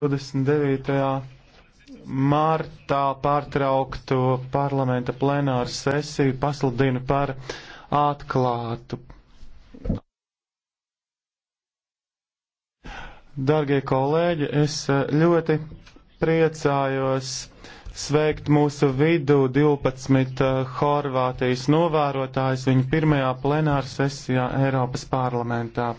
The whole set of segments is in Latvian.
29. martā pārtraukto parlamenta plenāru sesiju pasludinu par atklātu. Dargie kolēģi, es eh, ļoti priecājos sveikt mūsu vidū 12 eh, Horvātijas novērotājus viņu pirmajā plenāru sesijā Eiropas parlamentā.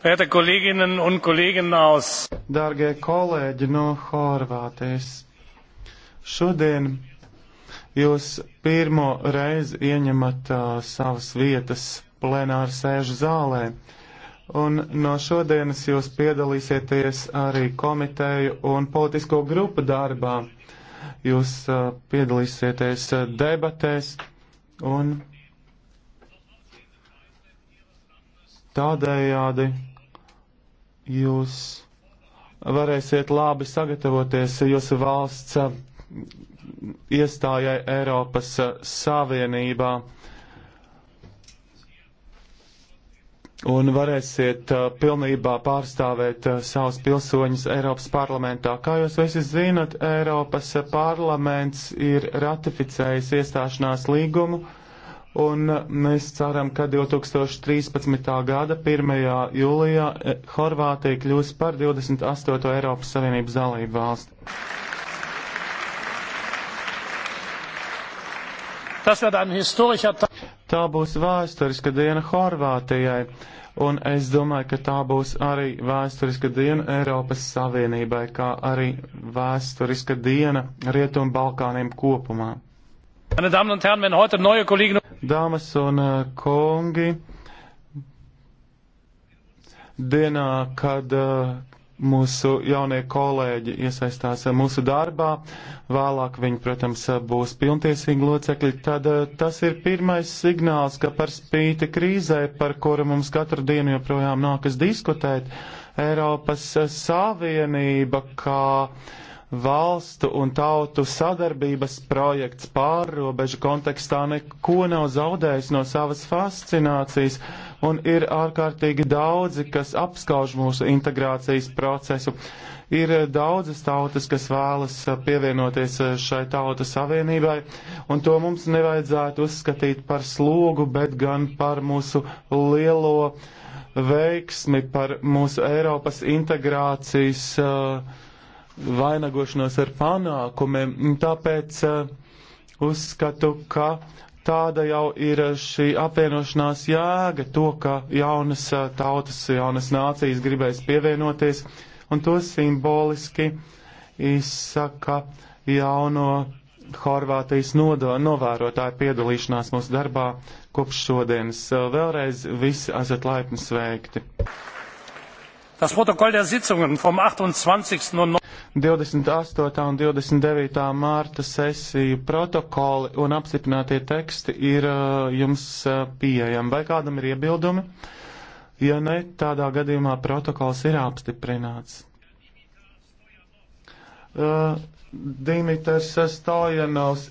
Pēta kolēģinen un kolēģin aus. Dārgie kolēģi no Horvātijas, šodien jūs pirmo reizi ieņemat uh, savas vietas plenāru sēžu zālē, un no šodienas jūs piedalīsieties arī komiteju un politisko grupu darbā. Jūs uh, piedalīsieties debatēs un Tādējādi jūs varēsiet labi sagatavoties jūsu valsts eh, iestājai Eiropas eh, Savienībā un varēsiet eh, pilnībā pārstāvēt savus pilsoņus Eiropas parlamentā. Kā jūs visi zinat, Eiropas parlaments ir ratificējis iestāšanās līgumu un mēs ceram, ka 2013. gada 1. jūlijā eh, Horvātija kļūs par 28. Eiropas Savienības dalību valsti. Tā būs vēsturiska diena Horvātijai, un es domāju, ka tā būs arī vēsturiska diena Eiropas Savienībai, kā arī vēsturiska diena Rietumbalkāniem kopumā. Meine Damen und Herren, wenn heute neue Kollegen Dāmas un uh, kungi, dienā, kad uh, mūsu jaunie kolēģi iesaistās uh, mūsu darbā, vēlāk viņi, protams, būs pilntiesīgi locekļi, tad tas ir pirmais signāls, ka par spīti krīzē, par kuru mums katru dienu joprojām nākas diskutēt, Eiropas Savienība kā valstu un tautu sadarbības projekts pārrobežu kontekstā neko nav zaudējis no savas fascinācijas, un ir ārkārtīgi daudzi, kas apskauž mūsu integrācijas procesu. Ir daudzas tautas, kas vēlas pievienoties šai tauta savienībai, un to mums nevajadzētu uzskatīt par slogu, bet gan par mūsu lielo veiksmi, par mūsu Eiropas integrācijas uh, vainagošanos ar panākumiem. Tāpēc eh, uzskatu, ka tāda jau ir šī apvienošanās jēga, to, ka jaunas eh, tautas, jaunas nācijas gribēs pievienoties, un to simboliski izsaka jauno Horvātijas nodo, novērotāju piedalīšanās mūsu darbā kopš šodienas. Eh, vēlreiz visi esat laipni sveikti. Das Protokoll der Sitzungen vom 28. und 28. un 29. mārta sesiju protokoli un apstiprinātie teksti ir uh, jums uh, pieejami. Vai kādam ir iebildumi? Ja ne, tādā gadījumā protokols ir apstiprināts. Uh, Dimitrs Stojanovs